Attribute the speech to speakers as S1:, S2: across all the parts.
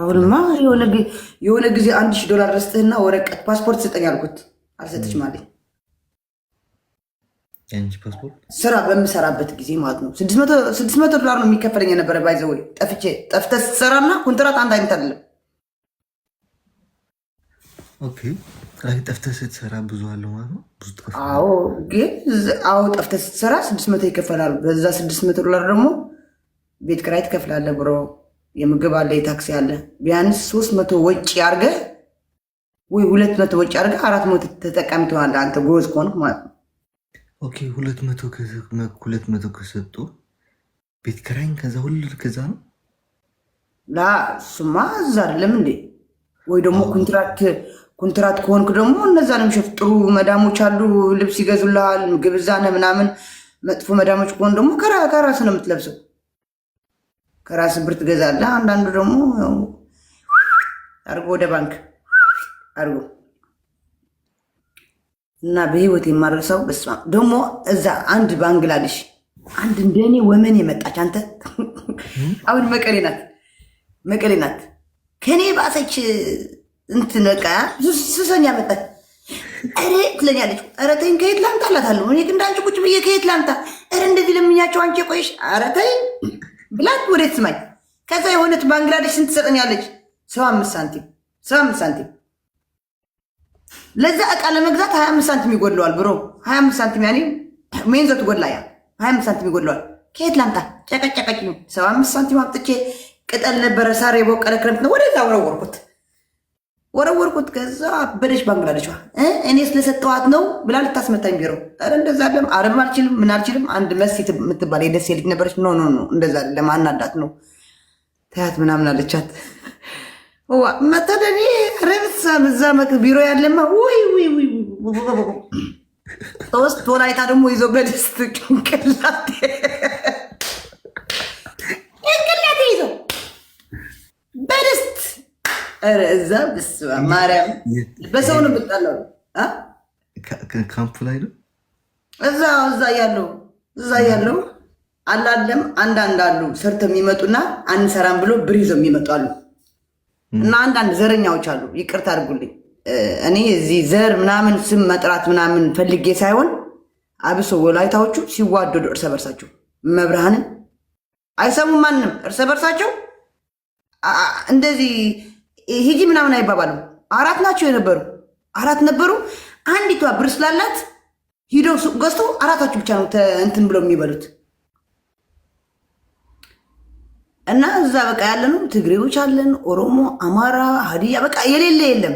S1: አሁንማ የሆነ ጊዜ አንድ ሺህ ዶላር ረስጥህና ወረቀት ፓስፖርት ስጠኝ አልኩት። አልሰጥችም አለኝ። ስራ በምሰራበት ጊዜ ማለት ነው። ስድስት መቶ ዶላር ነው የሚከፈለኝ የነበረ። ባይዘ ወይ ጠፍቼ ጠፍተህ ስትሰራና ኮንትራት አንድ አይነት አይደለም።
S2: ጠፍተህ ስትሰራ ብዙ አለ ማለት ነው።
S1: አዎ፣ ግን አዎ፣ ጠፍተህ ስትሰራ ስድስት መቶ ይከፈላሉ። በዛ ስድስት መቶ ዶላር ደግሞ ቤት ክራይ ትከፍላለህ ብሮ የምግብ አለ፣ የታክሲ አለ። ቢያንስ ሶስት መቶ ወጪ አድርገህ ወይ ሁለት መቶ ወጪ አድርገህ አራት መቶ ተጠቀምተዋል። አንተ ጎዝ ከሆንክ ማለት ነው።
S2: ኦኬ ሁለት መቶ ሁለት መቶ ከሰጡ ቤት ኪራይን ከዛ ሁሉ ከዛ ነው
S1: ላ ሱማ እዛ አይደለም እንዴ? ወይ ደግሞ ኮንትራክት ኮንትራት ከሆንክ ደግሞ እነዛንም ሸፍ ጥሩ መዳሞች አሉ፣ ልብስ ይገዙልሃል፣ ምግብ እዛ ነህ ምናምን። መጥፎ መዳሞች ከሆን ደግሞ ከራስ ነው የምትለብሰው። ከራስ ብር ትገዛለህ። አንዳንዱ ደግሞ አርጎ ወደ ባንክ አርጎ እና በህይወት የማረሰው ደግሞ እዛ አንድ ባንግላዴሽ አንድ እንደኔ ወመን የመጣች አንተ አሁን መቀሌ ናት መቀሌ ናት ከኔ ባሰች እንትነቃ በቃ ሱሰኛ መጣች። ኧረ ትለኛለች። ኧረ ተይኝ ከየት ላምጣ አላታለሁ። እኔ እንዳንቺ ቁጭ ብዬ ከየት ላምጣ? ኧረ እንደዚህ ለምኛቸው አንቺ ቆይሽ። ኧረ ተይኝ ብላክ ወዴት ስማኝ። ከዛ የሆነች ባንግላዴሽን ስንት ትሰጠኛለች? ሰባ አምስት ሳንቲም ሰባ አምስት ሳንቲም ለዛ እቃ ለመግዛት ሀያ አምስት ሳንቲም ይጎድለዋል። ብሮ ሀያ አምስት ሳንቲም ያኔ ሜንዞ ትጎድላ ያ ሀያ አምስት ሳንቲም ይጎድለዋል። ከየት ላምጣ? ጨቀጨቀጭ ሰባ አምስት ሳንቲም አምጥቼ ቅጠል ነበረ ሳር የቦቀለ ክረምት ነው ወደዛ ወረወርኩት። ወረወርኩት። ከዛ በደሽ ባንግላደሿ እኔ ስለሰጠዋት ነው ብላ ልታስመታኝ ቢሮ እንደዛ ለም አረብ አልችልም ምን አልችልም። አንድ መሲ የምትባል የደሴ ልጅ ነበረች። ኖ ኖ ኖ እንደዛ አናዳት ነው ታያት ምናምን አለቻት። መተደኔ ረብሳ መክ ቢሮ ያለማ ወይ ወይ ወይ ሶስት ወላይታ ደግሞ ይዞ በደስት ጭንቅላት እዛ ብስ ማርያም በሰው ነው የምጣለው። ካምፕ ላይ ነው እዛ እዛ ያለው እዛ ያለው አላለም። አንዳንድ አሉ ሰርተው የሚመጡና አንሰራም ብሎ ብር ይዘው የሚመጡ አሉ። እና አንዳንድ ዘረኛዎች አሉ። ይቅርታ አድርጉልኝ። እኔ እዚህ ዘር ምናምን ስም መጥራት ምናምን ፈልጌ ሳይሆን አብሶ ወላይታዎቹ ሲዋደዱ እርሰ በርሳቸው መብርሃንን አይሰሙም። ማንም እርሰ በርሳቸው እንደዚህ ሂጂ ምናምን አይባባልም። አራት ናቸው የነበሩ አራት ነበሩ። አንዲቷ ብር ስላላት ሂደው ሱቅ ገዝቶ አራታችሁ ብቻ ነው እንትን ብለው የሚበሉት። እና እዛ በቃ ያለነው ትግሬዎች አለን፣ ኦሮሞ፣ አማራ፣ ሀዲያ በቃ የሌለ የለም።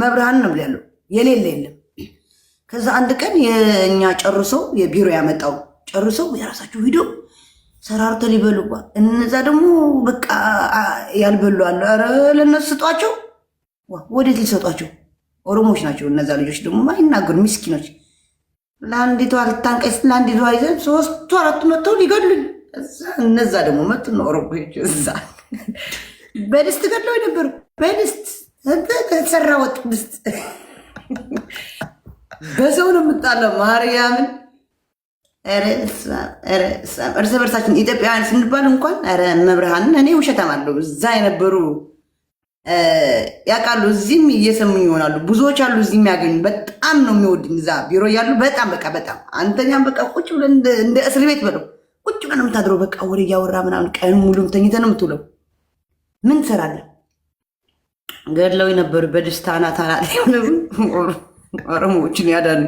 S1: መብርሃን ነው ያለው የሌለ የለም። ከዛ አንድ ቀን የእኛ ጨርሰው የቢሮ ያመጣው ጨርሶ የራሳችሁ ሂደው ሰራርተ ሊበሉባ እነዛ ደግሞ በቃ ያልበሉ አሉ። ኧረ ለእነሱ ስጧቸው። ወዴት ሊሰጧቸው? ኦሮሞች ናቸው እነዛ ልጆች ደግሞ አይናገሩ ሚስኪኖች። ለአንዲቷ ልታንቀስ ለአንዲቷ ይዘ ሶስቱ አራቱ መጥተው ሊገድሉኝ፣ እነዛ ደግሞ መጡ ነው ኦሮሞዎች። እዛ በድስት ገድለው ነበሩ። በድስት ተሰራ ወጥ ድስት በሰው ነው የምጣለው ማርያምን እርስ በርሳችን ኢትዮጵያውያን ስንባል እንኳን ኧረ መብርሃንን እኔ ውሸታም አለሁ። እዛ የነበሩ ያውቃሉ፣ እዚህም እየሰሙኝ ይሆናሉ። ብዙዎች አሉ እዚህ የሚያገኙ በጣም ነው የሚወድኝ። እዛ ቢሮ እያሉ በጣም በቃ በጣም አንተኛም በቃ ቁጭ ብለ እንደ እስር ቤት በለው ቁጭ ብለን የምታድረው በቃ ወሬ እያወራ ምናምን ቀን ሙሉም ተኝተን ነው የምትውለው። ምን ትሰራለህ? ገድለው የነበሩ በደስታ ሆነ ኦሮሞዎችን ያዳኑ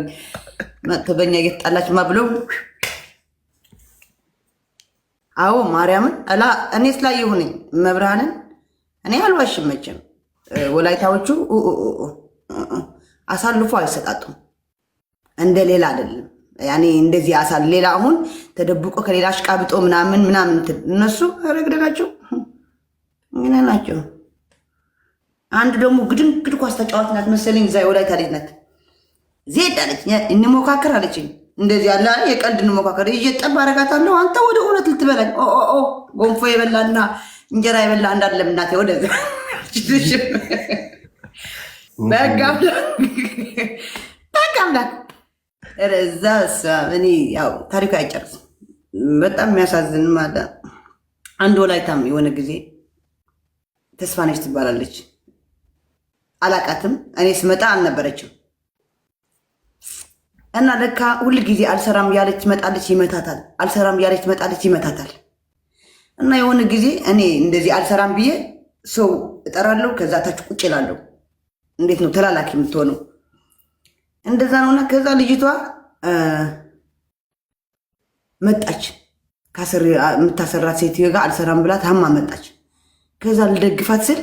S1: በኛ እየተጣላችማ ብለው አዎ ማርያምን አላ እኔ ስላየሁ ነኝ። መብርሃንን እኔ አልዋሽም መቼም። ወላይታዎቹ አሳልፎ አይሰጣጡም፣ እንደ ሌላ አይደለም። ያኔ እንደዚህ አሳል ሌላ አሁን ተደብቆ ከሌላ አሽቃብጦ ምናምን ምናምን እነሱ ረግደ ናቸው ምን ናቸው። አንድ ደግሞ ግድንግድ ኳስ ተጫዋች ናት መሰለኝ፣ እዛ የወላይታ ልጅ ናት። ዜድ አለች እንሞካከር አለችኝ እንደዚህ ያለ የቀልድ እንሞካከር እየጠብ አደርጋታለሁ። አንተ ወደ እውነት ልትበላኝ ጎንፎ የበላና እንጀራ የበላ እንዳለም እናቴ ወደ በጋ እዛ እኔ ያው ታሪኩ አይጨርስም። በጣም የሚያሳዝን ማለ አንድ ወላይታም የሆነ ጊዜ ተስፋነች ትባላለች። አላቃትም። እኔ ስመጣ አልነበረችም እና ለካ ሁል ጊዜ አልሰራም ያለች ትመጣለች ይመታታል፣ አልሰራም ያለች ትመጣለች ይመታታል። እና የሆነ ጊዜ እኔ እንደዚህ አልሰራም ብዬ ሰው እጠራለሁ፣ ከዛ ታች ቁጭ እላለሁ። እንዴት ነው ተላላኪ የምትሆነው? እንደዛ ነውና ከዛ ልጅቷ መጣች የምታሰራት ሴትዮ ጋር አልሰራም ብላ ታማ መጣች። ከዛ ልደግፋት ስል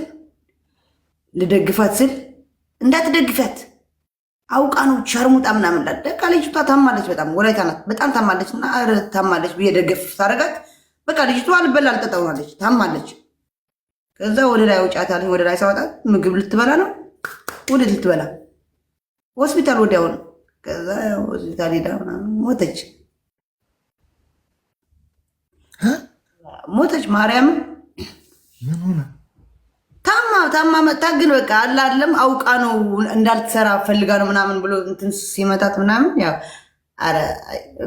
S1: ልደግፋት ስል እንዳትደግፊያት አውቃ ነው ሸርሙጣ ምናምን ላ ደቃ ልጅቷ ታማለች፣ በጣም ወላይታ ናት፣ በጣም ታማለች። እና ኧረ ታማለች ብዬ ደገፍ ሳደርጋት በቃ ልጅቷ አልበላ አልጠጠውናለች ታማለች። ከዛ ወደ ላይ አውጫታለች። ወደ ላይ ሳወጣት ምግብ ልትበላ ነው፣ ወደ ልትበላ ሆስፒታል ወዲያውን። ከዛ ሆስፒታል ሄዳ ሞተች፣ ሞተች። ማርያምን ምን ሆነ ታማ ታማ መታ ግን በቃ አላለም አውቃ ነው እንዳልትሰራ ፈልጋ ነው ምናምን ብሎ እንትን ሲመታት ምናምን ያው አረ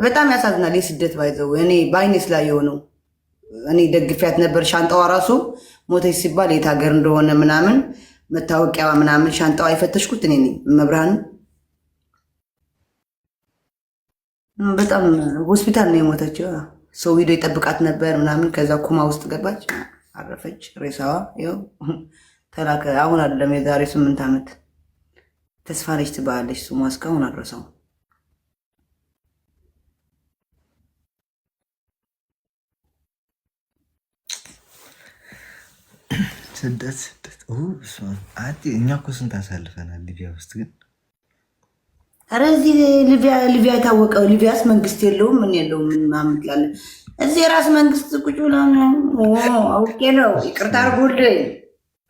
S1: በጣም ያሳዝናል። የስደት ባይዘው እኔ በአይኔ ስላየው ነው። እኔ ደግፊያት ነበር። ሻንጣዋ ራሱ ሞተች ሲባል የት ሀገር እንደሆነ ምናምን መታወቂያዋ ምናምን ሻንጣዋ የፈተሽኩት እኔ ነኝ። መብርሃን በጣም ሆስፒታል ነው የሞተችው። ሰው ሂዶ ይጠብቃት ነበር ምናምን። ከዛ ኩማ ውስጥ ገባች። አረፈች። ሬሳዋ ይኸው ተላከ። አሁን አይደለም የዛሬ ስምንት ዓመት ተስፋ ነች ትባላለች። ስሟ እስካሁን አድረሰው
S2: ስደት ስደት እኛ እኮ ስንት አሳልፈናል ሊቢያ ውስጥ ግን
S1: ኧረ እዚህ ሊቢያ የታወቀው ሊቢያስ መንግስት የለውም ምን የለውም ምናምን ትላለህ። እዚህ የራስ መንግስት ቁጭ ብለን አውቄ ነው ይቅርታ አድርጉልኝ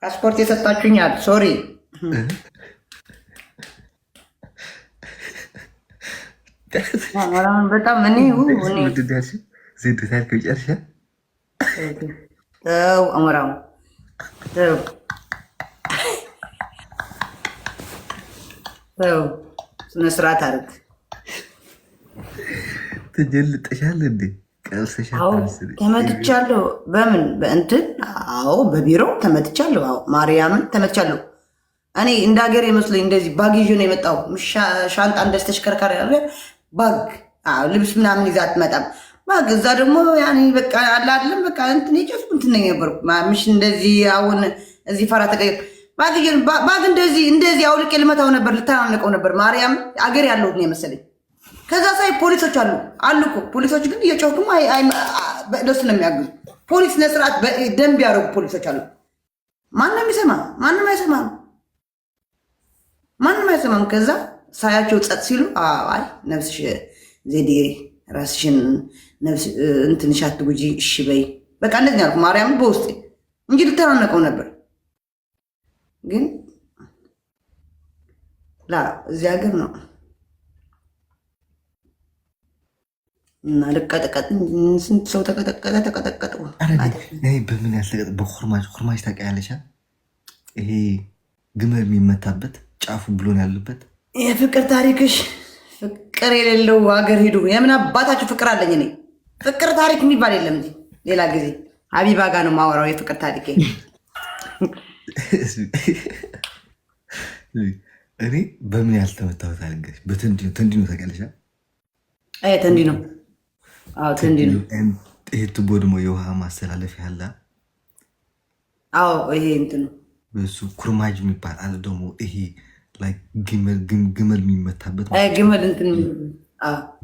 S1: ፓስፖርት የሰጣችሁኛል ሶሪ በጣም አሞራው ተው ስነስርዓት አድርግ።
S2: ትጀልጠሻል እንዴ?
S1: ተመትቻለሁ። በምን በእንትን? አዎ በቢሮ ተመትቻለሁ። አዎ ማርያምን ተመትቻለሁ። እኔ እንደ ሀገር ይመስለኝ እንደዚህ ባግ ይዤ ነው የመጣው። ሻንጣ እንደዚህ ተሽከርካሪ ያለ ባግ ልብስ ምናምን ይዛ አትመጣም። ባግ እዛ ደግሞ ያን በቃ አለ አይደለም በቃ እንትን የጨፍኩ እንትን ነው የነበርኩ ምሽ እንደዚህ አሁን እዚህ ፈራ ተቀይር ባግ እንደዚህ እንደዚህ አውልቄ ልመታው ነበር፣ ልተናነቀው ነበር። ማርያም አገር ያለው ነው የመሰለኝ። ከዛ ሳይ ፖሊሶች አሉ አሉ እኮ ፖሊሶች ግን እየጮኩም ደሱ ነው የሚያግዙ ፖሊስ ነስርዓት ደንብ ያደረጉ ፖሊሶች አሉ። ማንም ይሰማ ማንም አይሰማም፣ ማንም አይሰማም። ከዛ ሳያቸው ጸጥ ሲሉ አይ ነፍስሽ ዜዴ ራስሽን እንትንሽ አትጉጂ እሺ በይ በቃ እንደዚህ ያልኩ ማርያም በውስጤ እንጂ ልተናነቀው ነበር ግን ላ እዚህ ሀገር ነው እና ልቀጥቀጥ ስንት ሰው ተቀጠቀጠ ተቀጠቀጠ።
S2: በምን ያስቀጥ በኮርማጅ ኮርማጅ ታውቂያለሽ? ይሄ ግመል የሚመታበት ጫፉ ብሎን ያለበት
S1: የፍቅር ታሪክሽ ፍቅር የሌለው ሀገር ሂዱ። የምን አባታችሁ ፍቅር አለኝ እኔ ፍቅር ታሪክ የሚባል የለም። ሌላ ጊዜ ሀቢባ ጋ ነው ማወራው የፍቅር ታሪክ
S2: እኔ በምን ያልተመታሁት አልንገሽ በተንዲኖ ታውቂያለሽ?
S1: ተንዲኖ ተንዲኖ
S2: ይሄ ቱቦ ደግሞ የውሃ ማስተላለፍ ያለ
S1: አዎ፣ ይሄ እንትኑ
S2: በሱ ኩርማጅ የሚባል አለ ደግሞ ይሄ ግመል የሚመታበት ግመል እንትን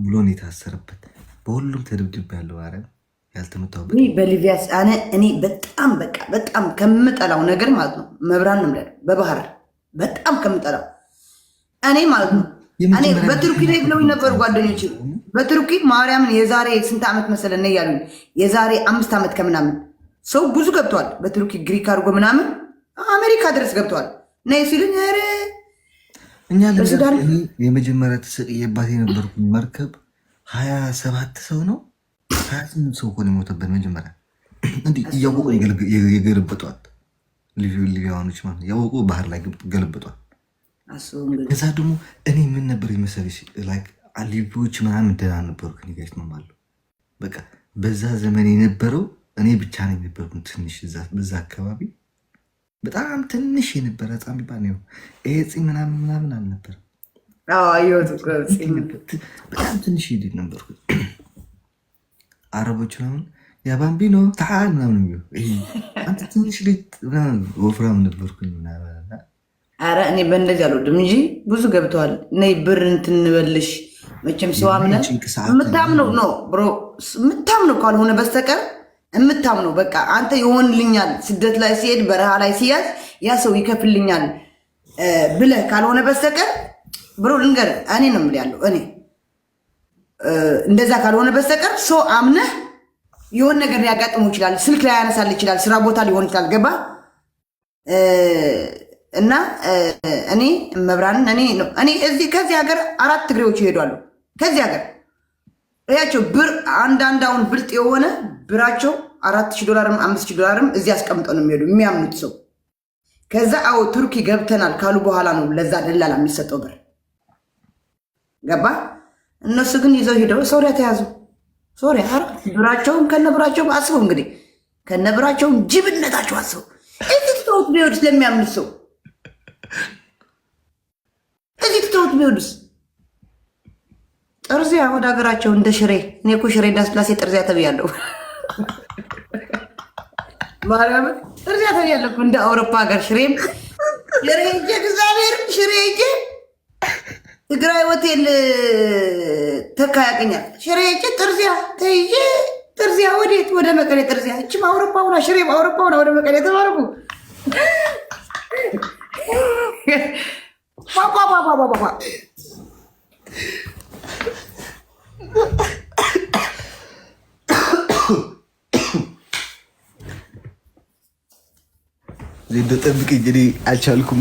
S2: ብሎን የታሰረበት በሁሉም ተደብድብ ያለው አረን ያልተመታሁበት
S1: በሊቪያስ እኔ በጣም በቃ በጣም ከምጠላው ነገር ማለት ነው መብራን ነው በባህር በጣም ከምጠላው እኔ ማለት ነው። እኔ በቱርኪ ላይ ብለውኝ ነበር ጓደኞች በቱርኪ ማርያምን የዛሬ ስንት ዓመት መሰለ ነ የዛሬ አምስት ዓመት ከምናምን ሰው ብዙ ገብተዋል። በቱርኪ ግሪክ አድርጎ ምናምን አሜሪካ ድረስ ገብተዋል። ነ ሲሉኝ ኧረ
S2: እኛ የመጀመሪያ ተሰቅየባት የነበርኩ መርከብ ሀያ ሰባት ሰው ነው ስምንት ሰው እኮ የሞተበት። መጀመሪያ እንዲህ እያወቁ የገለበጧል። ሊቢያዋኖች ማለት እያወቁ ባህር ላይ ገለበጧል። ከዛ ደግሞ እኔ ምን ነበር የመሰለሽ ሊቢዎች ምናምን ደህና ነበሩ ከኒጋች ጋር በቃ በዛ ዘመን የነበረው እኔ ብቻ ነው የነበርኩ ትንሽ በዛ አካባቢ በጣም ትንሽ የነበረ ህፃን ሚባል ነው ይሄ ፂ ምናምን ምናምን አልነበረም። በጣም ትንሽ ሄድ ነበርኩት አረቦች ምናምን ያ ባምቢኖ ተዓል ምናምን የሚሉ አንተ ትንሽ ልጅ ወፍራም ነበርኩኝ ምናምን።
S1: አረ እኔ በእንደዚህ አልወድም እንጂ ብዙ ገብተዋል። ነይ ብር እንትን እንበልሽ መቼም ሰው አምነህ የምታምነው ነው ብሮ የምታምነው ካልሆነ በስተቀር የምታምነው በቃ አንተ ይሆንልኛል፣ ስደት ላይ ሲሄድ በረሃ ላይ ሲያዝ ያ ሰው ይከፍልኛል ብለህ ካልሆነ በስተቀር ብሮ ልንገርህ እኔ ነው የምልህ ያለው እኔ እንደዛ ካልሆነ በስተቀር ሰው አምነህ የሆን ነገር ሊያጋጥሙ ይችላል። ስልክ ላይ ያነሳል ይችላል። ስራ ቦታ ሊሆን ይችላል። ገባ እና እኔ መብራንን እኔ እኔ እዚህ ከዚህ ሀገር አራት ትግሬዎች ይሄዷሉ። ከዚህ ሀገር እያቸው ብር አንዳንድ አሁን ብልጥ የሆነ ብራቸው አራት ሺህ ዶላርም አምስት ሺህ ዶላርም እዚህ አስቀምጠው ነው የሚሄዱ የሚያምኑት ሰው። ከዛ አዎ ቱርኪ ገብተናል ካሉ በኋላ ነው ለዛ ደላላ የሚሰጠው ብር ገባ እነሱ ግን ይዘው ሂደው ሶሪያ ተያዙ። ሶሪያ አ ብራቸውን ከነብራቸው አስበው እንግዲህ ከነብራቸውም ጅብነታቸው አስበው እዚህ ትተውት ቢወዱስ ለሚያምን ሰው እዚህ ትተውት ቢወዱስ ጠርዚያ ወደ ሀገራቸው እንደ ሽሬ እኔ እኮ ሽሬ እንዳስላሴ ጠርዚያ ተብያለሁ። ማርያም ጠርዚያ ተብያለሁ እንደ አውሮፓ ሀገር ሽሬም ሽሬ ሄጄ እግዚአብሔርም ሽሬ ሄጄ ትግራይ ሆቴል ተካ ያገኛል። ሽሬ ሄጄ ጥርዚያ ተይዤ ጥርዚያ ወዴት ወደ መቀሌ ጥርዚያ እችም አውሮፓ ሁና ሽሬ አውሮፓ ሁና ወደ መቀሌ ተባረኩ።
S2: ጠብቅ እንግዲህ አልቻልኩም።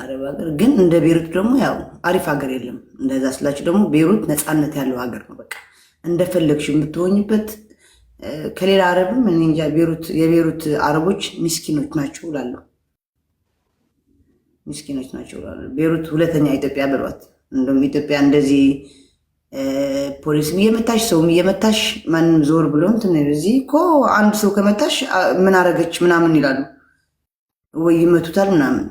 S1: አረብ ሀገር ግን እንደ ቤሩት ደግሞ ያው አሪፍ ሀገር የለም። እንደዛ ስላችሁ ደግሞ ቤሩት ነፃነት ያለው ሀገር ነው። በቃ እንደፈለግሽ የምትሆኝበት ከሌላ አረብም እኔ እንጃ። ቤሩት የቤሩት አረቦች ሚስኪኖች ናቸው እላለሁ። ሚስኪኖች ናቸው እላለሁ። ቤሩት ሁለተኛ ኢትዮጵያ ብሏት። እንደውም ኢትዮጵያ እንደዚህ ፖሊስም እየመታሽ ሰውም እየመታሽ ማንም ዞር ብሎ እንትን እዚህ እኮ አንድ ሰው ከመታሽ ምን አረገች ምናምን ይላሉ ወይ ይመቱታል ምናምን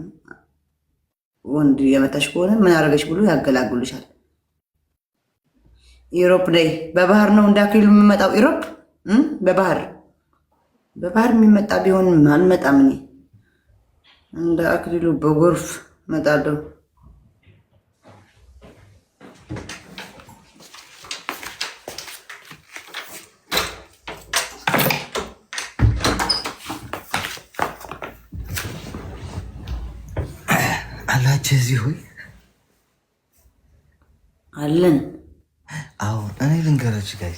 S1: ወንድ የመታሽ ከሆነ ምን አረገች ብሎ ያገላግሉሻል። ኢሮፕ ላይ በባህር ነው እንዳክሉ የምመጣው። ኢሮፕ በባህር በባህር የሚመጣ ቢሆን አልመጣም እኔ እንደ አክሊሉ በጎርፍ መጣለሁ። እንደዚህ ሆይ አለን።
S2: አሁን እኔ ልንገራችሁ ጋይ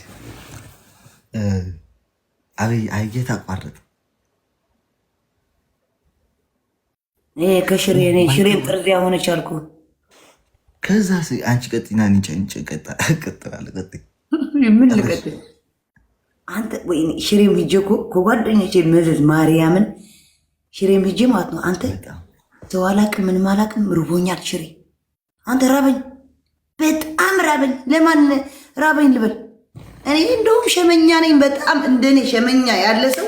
S2: አብይ አየት አቋረጥ
S1: ይሄ ከሽሬ እኔ ሽሬም ጥርዝ ሆነች አልኩ።
S2: ከዛ አንቺ ቀጥና ንጨንጭ ቀጥላለ ቀጥ
S1: ምን ልቀጥል አንተ ወይ ሽሬም ሂጄ ከጓደኞቼ መዘዝ ማርያምን ሽሬም ሂጄ ማለት ነው አንተ ሰው አላቅም፣ ምንም አላቅም። ርቦኛል። ሽሬ አንተ ራበኝ፣ በጣም ራበኝ። ለማን ራበኝ ልበል? እኔ እንደውም ሸመኛ ነኝ። በጣም እንደኔ ሸመኛ ያለ ሰው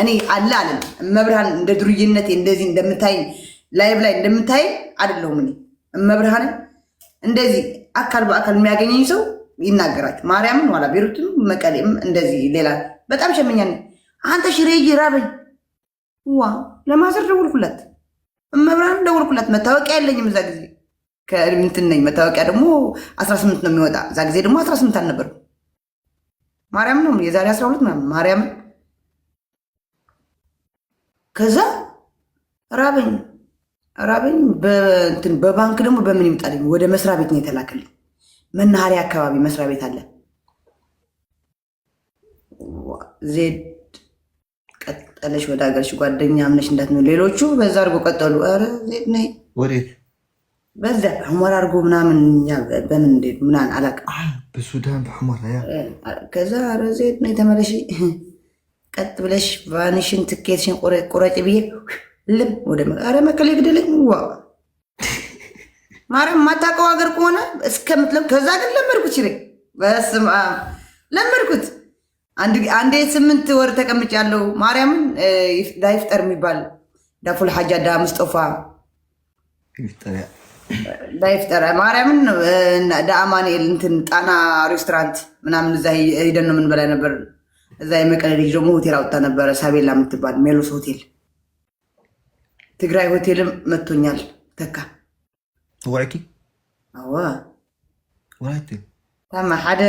S1: እኔ አለ አለም መብርሃን እንደ ዱርዬነቴ እንደዚህ እንደምታይኝ ላይብ ላይ እንደምታይ አይደለሁም። እኔ መብርሃንን እንደዚህ አካል በአካል የሚያገኘኝ ሰው ይናገራችሁ ማርያምን ዋላ ቤሩትም መቀሌም እንደዚህ ሌላ በጣም ሸመኛ ነኝ። አንተ ሽሬዬ ራበኝ ዋ ለማዘር ደውልኩላት መብራን ደወልኩላት። መታወቂያ የለኝም እዛ ጊዜ ከእንትን ነኝ። መታወቂያ ደግሞ 18 ነው የሚወጣ። እዛ ጊዜ ደግሞ 18 ስምንት አልነበርም። ማርያም ነው የዛሬ 12 ምናምን ማርያም። ከዛ ራበኝ ራበኝ። በባንክ ደግሞ በምን ይምጣልኝ? ወደ መስሪያ ቤት ነው የተላከልኝ። መናኸሪያ አካባቢ መስሪያ ቤት አለ ዜድ ጠለሽ ወደ ሀገርሽ ጓደኛ አምነሽ እንዳት ነው። ሌሎቹ በዛ አርጎ ቀጠሉ። ኧረ ዜድ ነይ ወዴት በዛ ሑመራ አርጎ ምናምን በምን እንዴት ምናምን
S2: አላውቅም። በሱዳን በሑመራ ያ
S1: ከዛ ኧረ ዜድ ነይ ተመለሽ፣ ቀጥ ብለሽ ቫንሽን ትኬትሽን ቁረጭ ብዬ ልም ወደ ኧረ መከለ ግደለኝ ዋ ማርያም ማታውቀው ሀገር ከሆነ እስከምትለም ከዛ ግን ለመድኩት ይለኝ በስመ አብ ለመድኩት አንዴ ስምንት ወር ተቀምጭ ያለው ማርያም ዳይፍጠር የሚባል ዳፉል ሀጃ ዳ ምስጦፋ ዳይፍጠር ማርያምን ዳአማንኤል እንትን ጣና ሬስቶራንት ምናምን እዛ ሂደን ነው የምንበላ ነበር። እዛ የመቀለ ልጅ ደግሞ ሆቴል አውጥታ ነበረ፣ ሳቤላ የምትባል ሜሎስ ሆቴል ትግራይ ሆቴልም መቶኛል። ተካ
S2: ወራኪ ወራይቴ
S1: ታማ ሓደ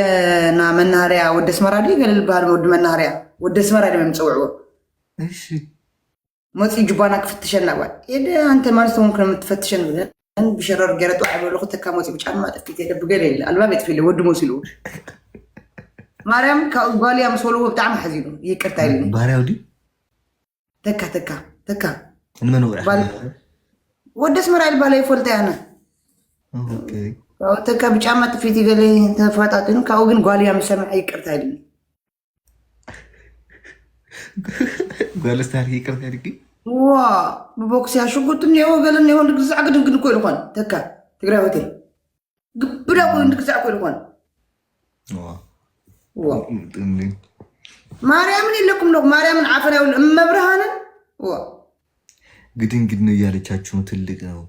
S1: ና መናኸርያ ወደ ስመራ ድዩ ገለል ዝበሃል ወዲ መናኸርያ ወደ ስመራ ድ ምፅውዕዎ መፅ ጅባና ክፍትሸና ጓል የደ ኣንተ ማለት ውን ከም ትፈትሸን ብለን ብሸረር ገረ ጥዋዕ በሉ ክተካ መፂኡ ብጫማ ጠፊት የደ ብገለ ኢለ ኣልባ ቤት ፊለ ወዲ መሲሉ ማርያም ካብ ጓልያ ምስ በልዎ ብጣዕሚ ሓዚኑ ይቅርታ ኢሉ ባህርያዊ ድ ተካ ተካ ተካ ንመን ወዲ ኣስመራ ኢል ባላ ይፈልጠ ኣነ ተካ ብጫማ ጥፊት ገለ ተፈጣጢኑ ካብኡ ግን ጓልያ ምሰምዐ ይቅርታ ይልኒ
S2: ጓልስታር ይቅርታ ይልጊ
S1: ዋ ብቦክስያ ሽጉጥ እኒሄዎ ገለ እኒሄዎ ንግዛዕ ግድንግድ ኮይሉ ኮን ተካ ትግራይ ሆቴል ግብዳ ኮይኑ ንግዛዕ ኮይሉ ኮን ማርያምን የለኩም ለ ማርያምን ዓፈና ይብሉ እመብርሃንን
S2: ግድንግድ ነው እያለቻችሁ ትልቅ ነው